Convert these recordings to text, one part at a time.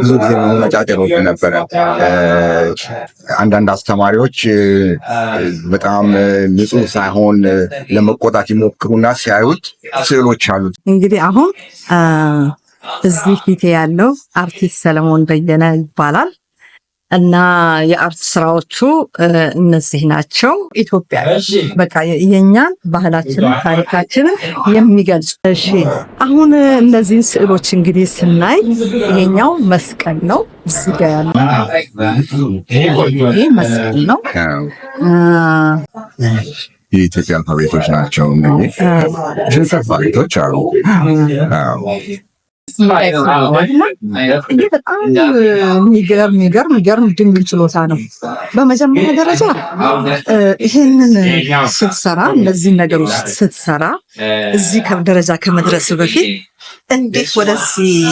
ብዙ ጊዜ መመጫጨሮች ነበረ። አንዳንድ አስተማሪዎች በጣም ንጹህ ሳይሆን ለመቆጣት ይሞክሩና ሲያዩት ስዕሎች አሉት። እንግዲህ አሁን እዚህ ፊቴ ያለው አርቲስት ሰለሞን በየነ ይባላል። እና የአርት ስራዎቹ እነዚህ ናቸው። ኢትዮጵያ በቃ የእኛን ባህላችንን ታሪካችንን የሚገልጹ። እሺ፣ አሁን እነዚህን ስዕሎች እንግዲህ ስናይ ይሄኛው መስቀል ነው። እዚህ ጋ መስቀል ነው። የኢትዮጵያ አልፋቤቶች ናቸው። እንግዲህ ቤቶች አሉ በጣም የሚገርም የሚገርም የሚገርም ድንቅ ችሎታ ነው። በመጀመሪያ ደረጃ ይህንን ስትሰራ፣ እነዚህን ነገሮች ስትሰራ እዚህ ደረጃ ከመድረስ በፊት እንዴት ወደዚህ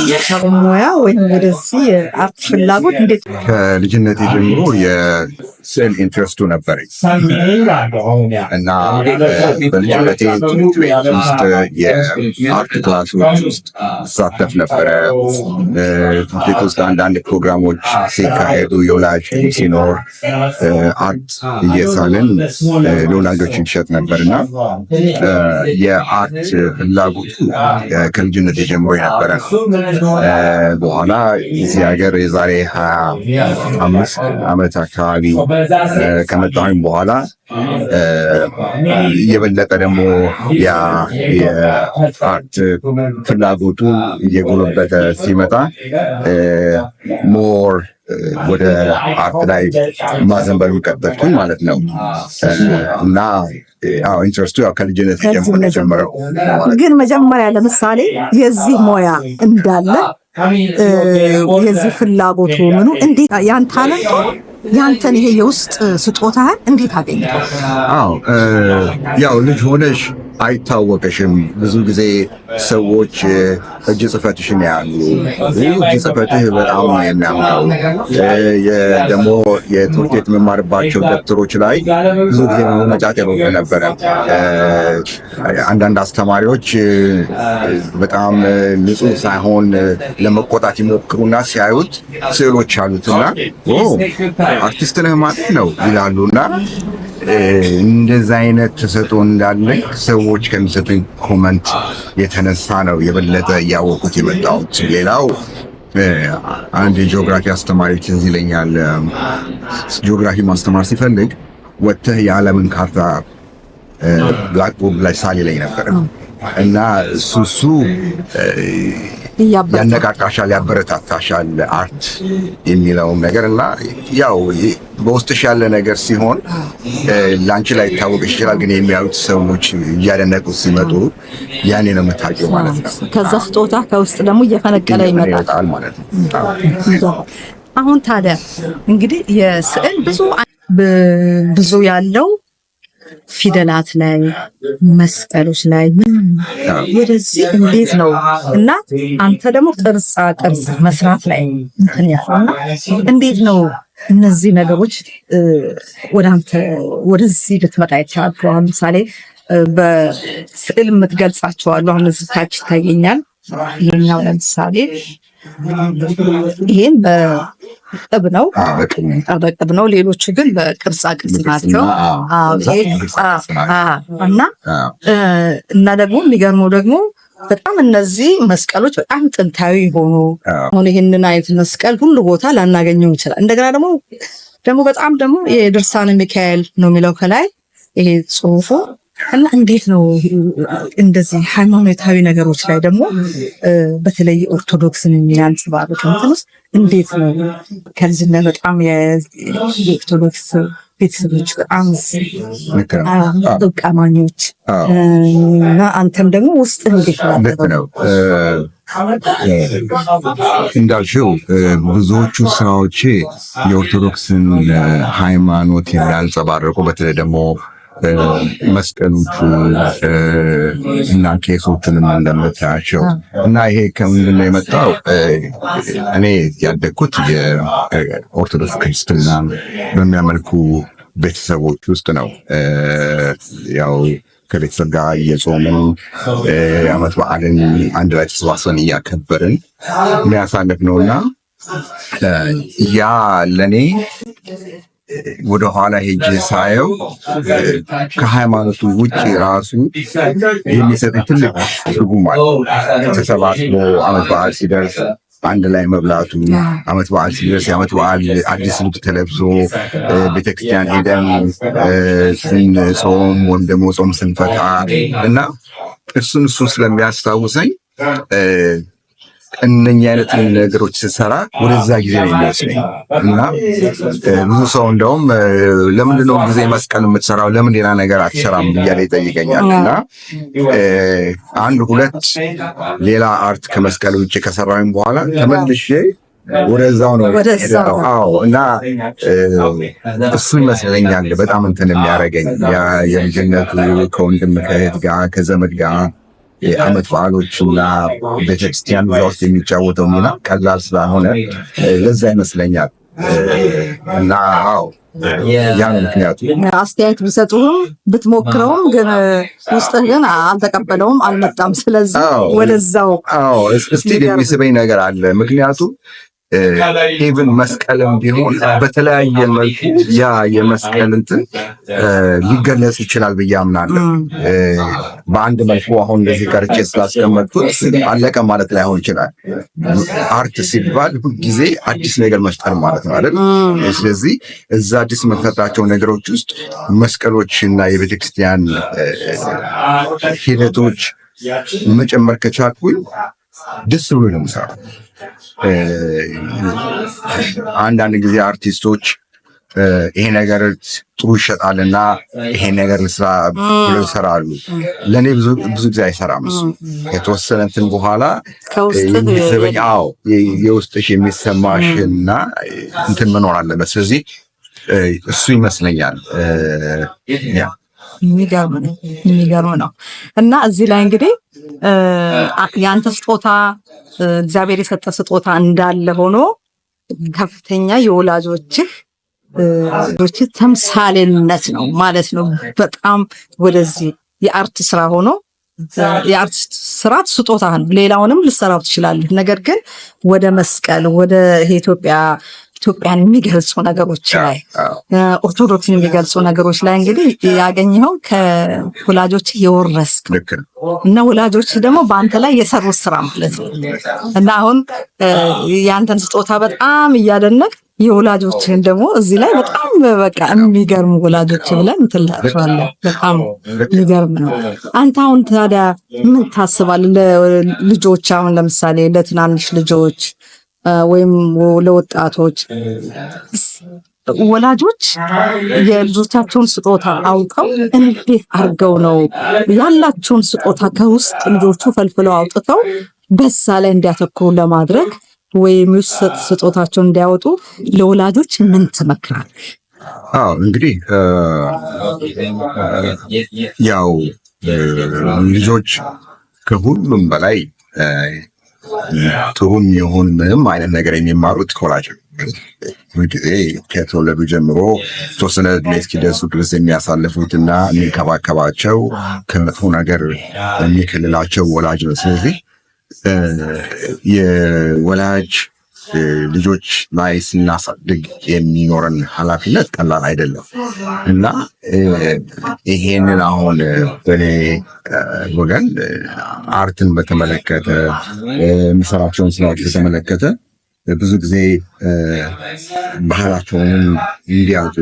ሙያ ወይም ወደዚህ አርት ፍላጎት እንዴት? ከልጅነት ጀምሮ የስዕል ኢንትረስቱ ነበረኝ እና በልጅነቴ ትምህርት ቤት ውስጥ የአርት ክላሶች ውስጥ እሳተፍ ነበረ። ትምህርት ቤት ውስጥ አንዳንድ ፕሮግራሞች ሲካሄዱ የወላጅ ሲኖር አርት እየሳልን ለወላጆች ነበር እና የአርት ፍላጎቱ ከልጅነት ጀምሮ የነበረ በኋላ እዚህ ሀገር የዛሬ ሀያ አምስት ዓመት አካባቢ ከመጣሁኝ በኋላ እየበለጠ ደግሞ ያ የአርት ፍላጎቱ እየጎለበተ ሲመጣ ሞር ወደ አርት ላይ ማዘንበሉ ቀጠልኩኝ ማለት ነው እና ኢንትረስቱ ያው ከልጅነት ጀምረው ግን መጀመሪያ ለምሳሌ የዚህ ሙያ እንዳለ የዚህ ፍላጎቱ ምኑ እንዴት ያን ታለንቶ ያንተን ይሄ የውስጥ ስጦታህን እንዴት አገኘ? ያው ልጅ ሆነሽ አይታወቅሽም። ብዙ ጊዜ ሰዎች እጅ ጽፈትሽን ያሉ እጅ ጽፈትህ በጣም ነው የሚያምረው። ደግሞ የትምህርት ቤት የምማርባቸው ደብተሮች ላይ ብዙ ጊዜ መጫት መመጫጨር ነበረ። አንዳንድ አስተማሪዎች በጣም ንጹህ ሳይሆን ለመቆጣት ይሞክሩና ሲያዩት ስዕሎች አሉትና አርቲስት ነህ ማለት ነው ይላሉና እንደዚ አይነት ተሰጦ እንዳለ ሰው ሰዎች ከሚሰጡኝ ኮመንት የተነሳ ነው የበለጠ እያወቁት የመጣሁት። ሌላው አንድ የጂኦግራፊ አስተማሪ ትዝ ይለኛል። ጂኦግራፊ ማስተማር ሲፈልግ ወጥተህ የዓለምን ካርታ ብላክቦርድ ላይ ሳል ይለኝ ነበር እና እሱ እሱ ያነቃቃሻል፣ ያበረታታሻል አርት የሚለውን ነገር እና ያው በውስጥሽ ያለ ነገር ሲሆን ለአንቺ ላይ ይታወቅ ይችላል። ግን የሚያዩት ሰዎች እያደነቁት ሲመጡ ያኔ ነው የምታውቂው ማለት ነው። ከዛ ስጦታ ከውስጥ ደግሞ እየፈነቀለ ይመጣል ማለት ነው። አሁን ታዲያ እንግዲህ የስዕል ብዙ ብዙ ያለው ፊደላት ላይ መስቀሎች ላይ ወደዚህ እንዴት ነው እና አንተ ደግሞ ቅርጻ ቅርጽ መስራት ላይ እንዴት ነው እነዚህ ነገሮች ወደ አንተ ወደዚህ ልትመጣ ይቻላል? አሁን ምሳሌ በስዕል የምትገልጻቸዋሉ። አሁን እዚህ ታች ይታየኛል። ይሄኛው ለምሳሌ ይህን በቅብ ነው በቅብ ነው። ሌሎቹ ግን በቅርጻ ቅርጽ ናቸው እና እና ደግሞ የሚገርመው ደግሞ በጣም እነዚህ መስቀሎች በጣም ጥንታዊ የሆኑ አሁን ይህንን አይነት መስቀል ሁሉ ቦታ ላናገኘው ይችላል። እንደገና ደግሞ ደግሞ በጣም ደግሞ የድርሳነ ሚካኤል ነው የሚለው ከላይ ይሄ ጽሁፉ እና እንዴት ነው እንደዚህ ሃይማኖታዊ ነገሮች ላይ ደግሞ በተለይ ኦርቶዶክስን የሚያንጸባርቅ እንትን ውስጥ እንዴት ነው ከልጅነት በጣም የኦርቶዶክስ ቤተሰቦች በጣም ጥብቅ አማኞች እና አንተም ደግሞ ውስጥ እንዴት ነው? እንዳልሽው ብዙዎቹ ስራዎቼ የኦርቶዶክስን ሃይማኖት የሚያንጸባርቁ በተለይ ደግሞ መስቀሎቹ እና ኬሶቹንም እንደምታያቸው እና ይሄ ከምንድን ነው የመጣው? እኔ ያደግኩት የኦርቶዶክስ ክርስትናን በሚያመልኩ ቤተሰቦች ውስጥ ነው። ያው ከቤተሰብ ጋር እየጾምን አመት በዓልን አንድ ላይ ተሰባስበን እያከበርን የሚያሳልፍ ነው እና ያ ለእኔ ወደ ኋላ ሄጄ ሳየው ከሃይማኖቱ ውጭ ራሱ የሚሰጥ ትልቅ ትርጉም አለ። ተሰባስቦ አመት በዓል ሲደርስ አንድ ላይ መብላቱ፣ አመት በዓል ሲደርስ የአመት በዓል አዲስ ልብስ ተለብሶ ቤተክርስቲያን ሄደን ስንጾም ወይም ደግሞ ጾም ስንፈታ እና እሱን እሱን ስለሚያስታውሰኝ እነኛ አይነት ነገሮች ስትሰራ ወደዛ ጊዜ ነው የሚመስለኝ። እና ብዙ ሰው እንደውም ለምንድነው ጊዜ መስቀል የምትሰራው ለምን ሌላ ነገር አትሰራም እያለ ይጠይቀኛል። እና አንድ ሁለት ሌላ አርት ከመስቀል ውጭ ከሰራኝ በኋላ ተመልሼ ወደዛው ነው አዎ። እና እሱ ይመስለኛል በጣም እንትን የሚያደርገኝ የልጅነቱ ከወንድም ከእህት ጋር ከዘመድ ጋር የዓመት በዓሎችና ቤተክርስቲያን ውስጥ የሚጫወተው ሚና ቀላል ስላልሆነ ለዛ ይመስለኛል እና አዎ ያን ምክንያቱ አስተያየት ቢሰጡህም ብትሞክረውም ግን ውስጥ ግን አልተቀበለውም፣ አልመጣም። ስለዚህ ወደዛው ስቲል የሚስበኝ ነገር አለ ምክንያቱም ኢቭን መስቀልም ቢሆን በተለያየ መልኩ ያ የመስቀል እንትን ሊገለጽ ይችላል ብዬ አምናለሁ። በአንድ መልኩ አሁን እንደዚህ ቀርጬ ስላስቀመጥኩት አለቀ ማለት ላይሆን ይችላል። አርት ሲባል ሁልጊዜ አዲስ ነገር መፍጠር ማለት ነው አይደል? ስለዚህ እዛ አዲስ መፈጥራቸው ነገሮች ውስጥ መስቀሎች እና የቤተክርስቲያን ሂደቶች መጨመር ከቻልኩኝ ደስ ብሎ ነው የምሰራው። አንዳንድ ጊዜ አርቲስቶች ይሄ ነገር ጥሩ ይሸጣልና ይሄ ነገር ስራ ብሎ ይሰራሉ። ለእኔ ብዙ ጊዜ አይሰራም። እሱ ከተወሰነ እንትን በኋላ የሚስበኝ አዎ፣ የውስጥሽ የሚሰማሽና እንትን መኖር አለበት። ስለዚህ እሱ ይመስለኛል። የሚገርም ነው እና እዚህ ላይ እንግዲህ ያንተ ስጦታ እግዚአብሔር የሰጠ ስጦታ እንዳለ ሆኖ ከፍተኛ የወላጆችህ ች ተምሳሌነት ነው ማለት ነው። በጣም ወደዚህ የአርት ስራ ሆኖ የአርት ስራ ስጦታ ነው። ሌላውንም ልሰራው ትችላለህ። ነገር ግን ወደ መስቀል ወደ ኢትዮጵያ ኢትዮጵያን የሚገልጹ ነገሮች ላይ ኦርቶዶክስን የሚገልጹ ነገሮች ላይ እንግዲህ ያገኘኸው ከወላጆች የወረስክ እና ወላጆች ደግሞ በአንተ ላይ የሰሩት ስራ ማለት ነው እና አሁን የአንተን ስጦታ በጣም እያደነቅ የወላጆችን ደግሞ እዚህ ላይ በጣም በቃ የሚገርሙ ወላጆች ብለን እንትላቸዋለን። በጣም የሚገርም ነው። አንተ አሁን ታዲያ ምን ታስባል? ልጆች አሁን ለምሳሌ ለትናንሽ ልጆች ወይም ለወጣቶች ወላጆች የልጆቻቸውን ስጦታ አውጥተው እንዴት አድርገው ነው ያላቸውን ስጦታ ከውስጥ ልጆቹ ፈልፍለው አውጥተው በዛ ላይ እንዲያተኩሩ ለማድረግ ወይም ውስጥ ስጦታቸውን እንዲያወጡ ለወላጆች ምን ትመክራል? አዎ እንግዲህ ያው ልጆች ከሁሉም በላይ ትርጉም ይሁን ምንም አይነት ነገር የሚማሩት ኮላጅ ጊዜ ከተወለዱ ጀምሮ ተወሰነ እድሜ እስኪደርሱ ድረስ እና የሚንከባከባቸው ከመጥፎ ነገር የሚከልላቸው ወላጅ ነው። ስለዚህ የወላጅ ልጆች ላይ ስናሳድግ የሚኖረን ኃላፊነት ቀላል አይደለም እና ይሄንን አሁን በኔ ወገን አርትን በተመለከተ የሚሰራቸውን ስራዎች በተመለከተ ብዙ ጊዜ ባህላቸውን እንዲያውቁ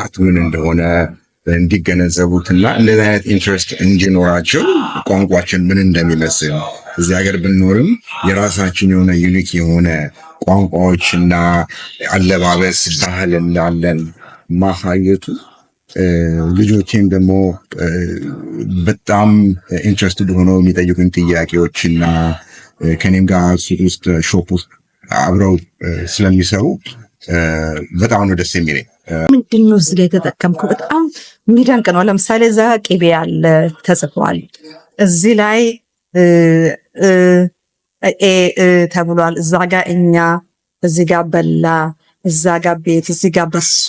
አርት ምን እንደሆነ እንዲገነዘቡትና እንደዚህ አይነት ኢንትረስት እንዲኖራቸው ቋንቋችን ምን እንደሚመስል እዚህ ሀገር ብንኖርም የራሳችን የሆነ ዩኒክ የሆነ ቋንቋዎችና አለባበስ ባህል እንዳለን ማሳየቱ ልጆቼም ደግሞ በጣም ኢንትረስትድ ሆነው የሚጠይቁኝ ጥያቄዎችና ከኔም ጋር ውስጥ ሾፕ ውስጥ አብረው ስለሚሰሩ በጣም ነው ደስ የሚለኝ። ምንድን ነው እዚህ ላይ የተጠቀምከው? በጣም የሚደንቅ ነው። ለምሳሌ እዛ ቅቤ ያለ ተጽፏል። እዚህ ላይ ኤ ተብሏል። እዛ ጋ እኛ፣ እዚህ ጋ በላ፣ እዛ ጋ ቤት፣ እዚህ ጋ በሶ።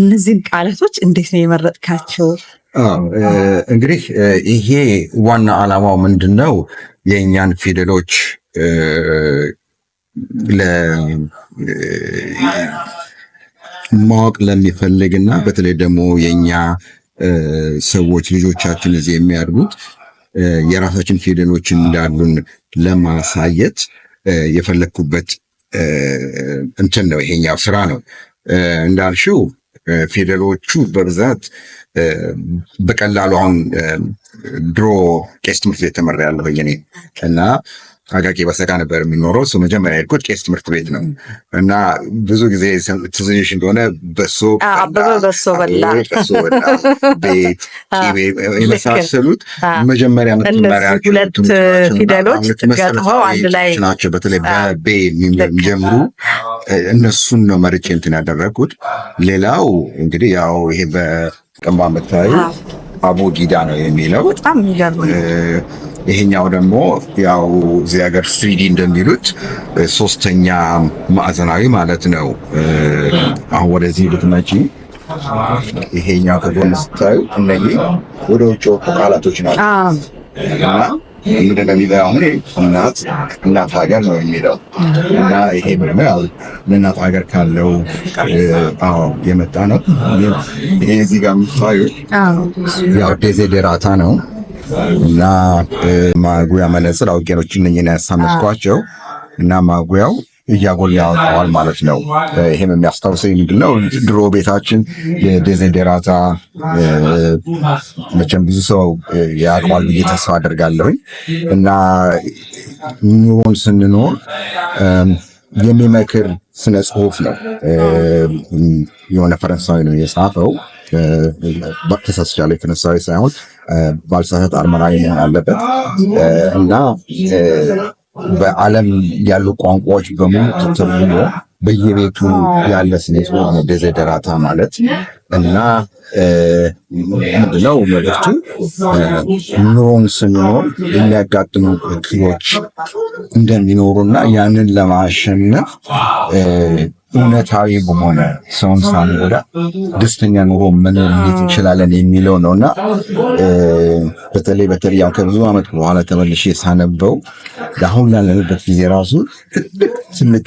እነዚህን ቃላቶች እንዴት ነው የመረጥካቸው? እንግዲህ ይሄ ዋና ዓላማው ምንድን ነው የእኛን ፊደሎች ማወቅ ለሚፈልግ እና በተለይ ደግሞ የእኛ ሰዎች ልጆቻችን እዚህ የሚያድጉት የራሳችን ፊደሎችን እንዳሉን ለማሳየት የፈለግኩበት እንትን ነው። ይሄኛው ስራ ነው እንዳልሽው ፊደሎቹ በብዛት በቀላሉ አሁን ድሮ ቄስ ትምህርት ቤት ተምሬያለሁ እኔ እና አቃቂ በሰቃ ነበር የሚኖረው። እሱ መጀመሪያ ሄድኩት ቄስ ትምህርት ቤት ነው እና ብዙ ጊዜ ትንሽ እንደሆነ በሶ በሶ በላ ቤት የመሳሰሉት መጀመሪያ ሁለት ፊደሎች ገጥፈው አንድ ላይ ናቸው። በተለይ በቤ የሚጀምሩ እነሱን ነው መርጬ እንትን ያደረግኩት። ሌላው እንግዲህ ያው ይሄ በቀንባ የምታዩ አቡ ጊዳ ነው የሚለው ይሄኛው ደግሞ ያው እዚህ ሀገር ስሪዲ እንደሚሉት ሶስተኛ ማዕዘናዊ ማለት ነው። አሁን ወደዚህ ብትመጪ ይሄኛው ከጎን ስታዩ እነዚህ ወደ ውጭ ወጡ ቃላቶች ናቸው እና ምንድን ነው የሚለው አሁን እናት እናት ሀገር ነው የሚለው እና ይሄ ምንድነው ያው እናት ሀገር ካለው የመጣ ነው። ይሄ እዚህ ጋር የምታዩት ያው ዴዜዴራታ ነው እና ማጉያ መነጽር አውቄ ነው እነኝን ያሳመጥኳቸው እና ማጉያው እያጎል ያወጣዋል ማለት ነው። ይሄም የሚያስታውሰኝ ምንድን ነው ድሮ ቤታችን የዴዘንዴራታ መቼም ብዙ ሰው ያውቀዋል ብዬ ተስፋ አደርጋለሁኝ እና ኑሮን ስንኖር የሚመክር ስነ ጽሁፍ ነው። የሆነ ፈረንሳዊ ነው የጻፈው ተሳስቻለ የተነሳ ሳይሆን ባልሳሳት አርመናዊ መሆን አለበት እና በዓለም ያሉ ቋንቋዎች በሙሉ ተተርጉሞ በየቤቱ ያለ ስኔት ደዘደራታ ማለት እና ምንድነው መልእክቱ? ኑሮን ስንኖር የሚያጋጥሙ እክሎች እንደሚኖሩና ያንን ለማሸነፍ እውነታዊ በሆነ ሰውን ሳንጎዳ ደስተኛ ኑሮ መኖር እንዴት እንችላለን የሚለው ነው እና በተለይ በተለይ ያው ከብዙ ዓመት በኋላ ተመልሼ ሳነበው አሁን ላለንበት ጊዜ ራሱ ትልቅ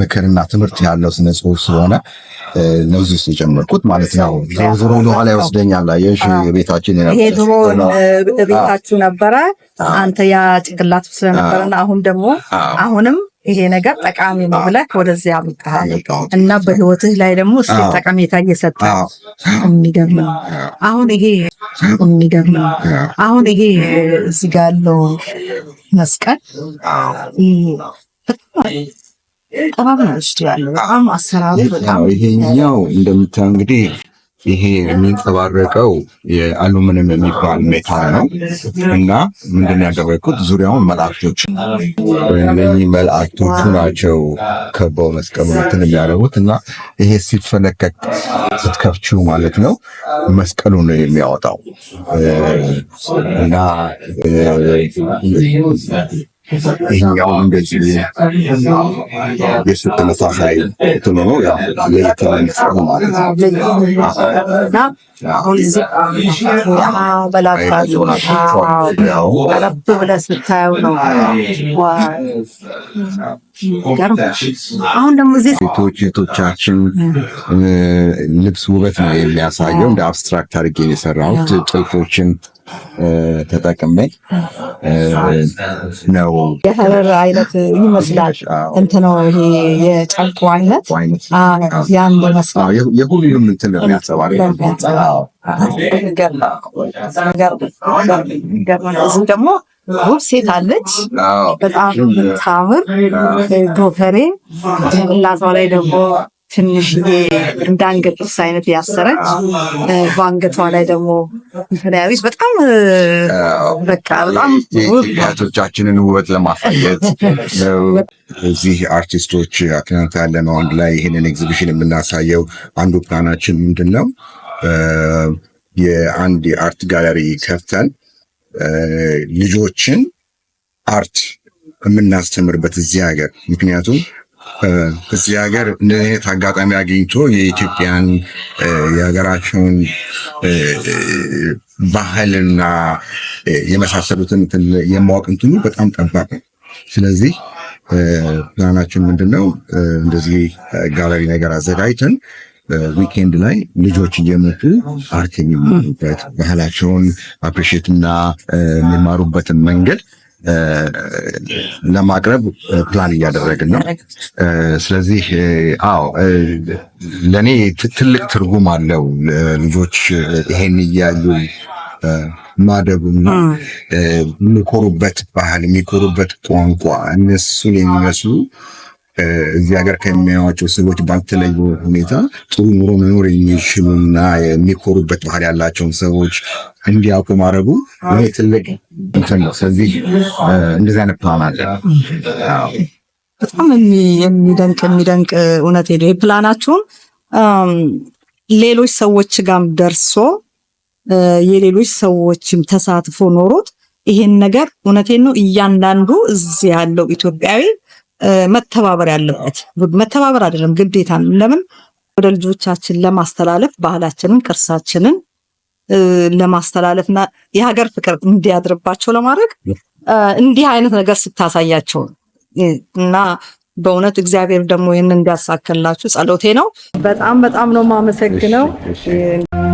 ምክርና ትምህርት ያለው ስነ ጽሁፍ ስለሆነ ነዚ ውስጥ የጨመርኩት ማለት ነው። ዞሮ ወደኋላ ይወስደኛል። ይሽ ቤታችን ይሄ ድሮ ቤታችሁ ነበረ አንተ ያ ጭንቅላቱ ስለነበረና አሁን ደግሞ አሁንም ይሄ ነገር ጠቃሚ ነው ብለህ ወደዚህ ያብቃሃል እና በህይወትህ ላይ ደግሞ እሱ ጠቀሜታ እየሰጠ የሚገርም ነው። አሁን ይሄ የሚገርም ነው። አሁን ይሄ እዚህ ጋር ያለው መስቀል ጥበብ ነው ያለው። በጣም አሰራሩ በጣም ይሄኛው እንደምታየው እንግዲህ ይሄ የሚንጸባረቀው የአሉሚኒየም የሚባል ሜታል ነው እና ምንድን ያደረግኩት ዙሪያውን መላእክቶች እነህ መላእክቶቹ ናቸው ከበው መስቀሉትን የሚያደርጉት እና ይሄ ሲፈለከት ስትከፍችው ማለት ነው መስቀሉ ነው የሚያወጣው እና ይህኛው እንደዚህ የሱ ተመሳሳይ እንትኑ ነው። ነው ማለት ነው። አሁን ደግሞ ሴቶች ሴቶቻችን ልብስ ውበት ነው የሚያሳየው። እንደ አብስትራክት አድርጌ የሰራሁት ጥልፎችን ተጠቅሜ ነው። የሀረር አይነት ይመስላል እንትን ነው ይሄ የጨርቁ አይነት ያን ይመስላል። የሁሉም እንትን እዚህ ደግሞ ውብ ሴት አለች፣ በጣም ታምር ጎፈሬ ጭንቅላቷ ላይ ደግሞ ትንሽ እንደ አንገት ጥርስ አይነት ያሰረች በአንገቷ ላይ ደግሞ ተለያዩች። በጣም በቃ በጣም የእህቶቻችንን ውበት ለማሳየት እዚህ አርቲስቶች አትናት ያለ ነው አንድ ላይ ይህንን ኤግዚቢሽን የምናሳየው አንዱ ፕላናችን ምንድን ነው? የአንድ የአርት ጋለሪ ከፍተን ልጆችን አርት የምናስተምርበት እዚህ ሀገር ምክንያቱም እዚህ ሀገር እንደዚህ አይነት አጋጣሚ አግኝቶ የኢትዮጵያን የሀገራቸውን ባህልና የመሳሰሉትን የማወቅ እንትኑ በጣም ጠባቅ ነው። ስለዚህ ፕላናችን ምንድን ነው? እንደዚህ ጋለሪ ነገር አዘጋጅተን ዊኬንድ ላይ ልጆች እየመጡ አርት የሚማሩበት ባህላቸውን አፕሪሽትና የሚማሩበትን መንገድ ለማቅረብ ፕላን እያደረግን ነው። ስለዚህ አዎ ለእኔ ትልቅ ትርጉም አለው ልጆች ይሄን እያዩ ማደጉና የሚኮሩበት ባህል፣ የሚኮሩበት ቋንቋ እነሱን የሚመስሉ እዚህ ሀገር ከሚያዩዋቸው ሰዎች ባልተለዩ ሁኔታ ጥሩ ኑሮ መኖር የሚችሉና የሚኮሩበት ባህል ያላቸውን ሰዎች እንዲያውቁ ማድረጉ ይህ ትልቅ ነው። ስለዚህ እንደዚህ አይነት ፕላን አለ። በጣም የሚደንቅ የሚደንቅ እውነት ሄደ። ፕላናችሁን ሌሎች ሰዎች ጋም ደርሶ የሌሎች ሰዎችም ተሳትፎ ኖሮት ይሄን ነገር እውነቴን ነው እያንዳንዱ እዚህ ያለው ኢትዮጵያዊ መተባበር ያለበት መተባበር አይደለም ግዴታ ለምን ወደ ልጆቻችን ለማስተላለፍ ባህላችንን ቅርሳችንን ለማስተላለፍና የሀገር ፍቅር እንዲያድርባቸው ለማድረግ እንዲህ አይነት ነገር ስታሳያቸው እና በእውነት እግዚአብሔር ደግሞ ይህንን እንዲያሳካላችሁ ጸሎቴ ነው። በጣም በጣም ነው የማመሰግነው።